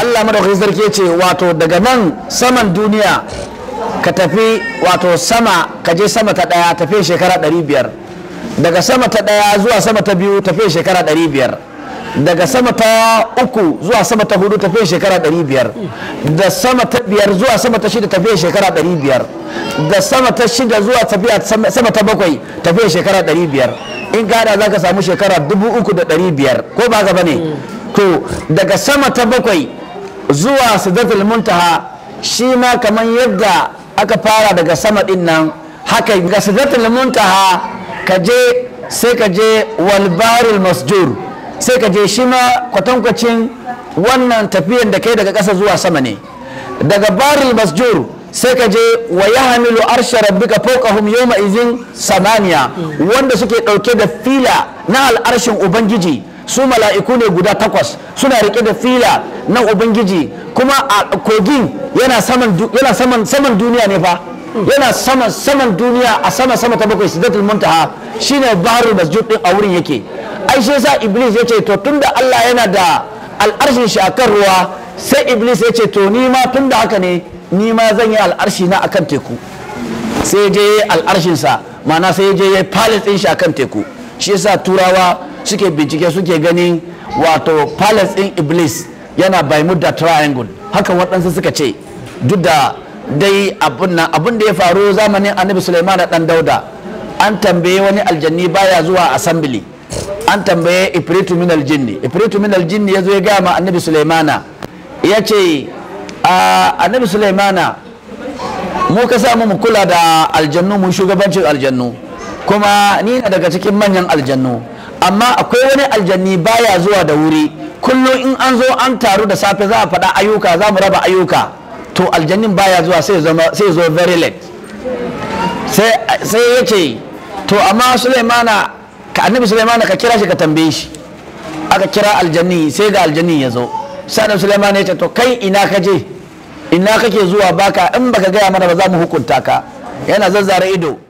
Allah madaukakin sarki ya ce wato daga nan saman duniya ka tafi wato sama ka je sama ta ɗaya tafi shekara ɗari biyar daga sama ta ɗaya zuwa sama ta biyu tafi shekara ɗari biyar daga sama ta uku zuwa sama ta hudu tafiya shekara ɗari biyar da sama ta biyar zuwa sama ta shida tafiya shekara ɗari biyar da sama ta shida zuwa tafiya sama ta bakwai tafiya shekara ɗari biyar in gada za ka samu shekara dubu uku da ɗari biyar ko ba gaba ne to daga sama ta bakwai zuwa sidratul muntaha shi ma kamar yadda aka fara daga sama din nan haka ga sidratul muntaha ka je sai ka je walbaril masjur sai ka je shi ma kwatankwacin wannan tafiyan da kai daga ƙasa zuwa sama ne daga baril masjur sai ka je wa ya hamilu arshe rabbika fawqahum yawma izin samaniya wanda suke ɗauke da fila na al'arshin ubangiji su mala'iku ne guda takwas suna rike da fila Nan ubangiji kuma a kogin yana saman yana saman saman duniya ne fa yana saman saman duniya a sama sama ta bakwai sidatul muntaha shine baharul masjud din a wurin yake ai shi yasa iblis ya ce to tunda Allah yana da al'arshin shi akan ruwa sai iblis ya ce to ni ma tunda haka ne ni ma zan yi al'arshi na akan teku sai je al'arshin sa ma'ana sai je ya palace din shi akan teku shi yasa turawa suke bincike suke ganin wato palace din iblis yana bermuda triangle haka waɗansu suka ce duk da dai abin da ya faru zamanin annabi suleiman dan dauda an tambaye wani aljanni baya zuwa assembly an tambaye ifritu min aljinni ifritu min aljinni ya zo ya gama annabi suleimana ya ce annabi suleimana mu ka samu mu kula da aljannu mu shugabancin aljannu kuma ni na daga cikin manyan aljannu amma akwai wani aljanni baya zuwa da wuri kullum in an zo an taru da safe za a faɗa ayyuka za mu raba ayyuka to aljannin baya zuwa sai zo very late sai ya to amma sulaimana ka annabi sulaimana ka kira shi ka tambaye shi aka kira aljanni sai ga aljanni ya zo sai sulaimana ya ce to kai ina ka je ina kake zuwa baka in baka gaya mana ba za mu hukunta ka yana zazzara ido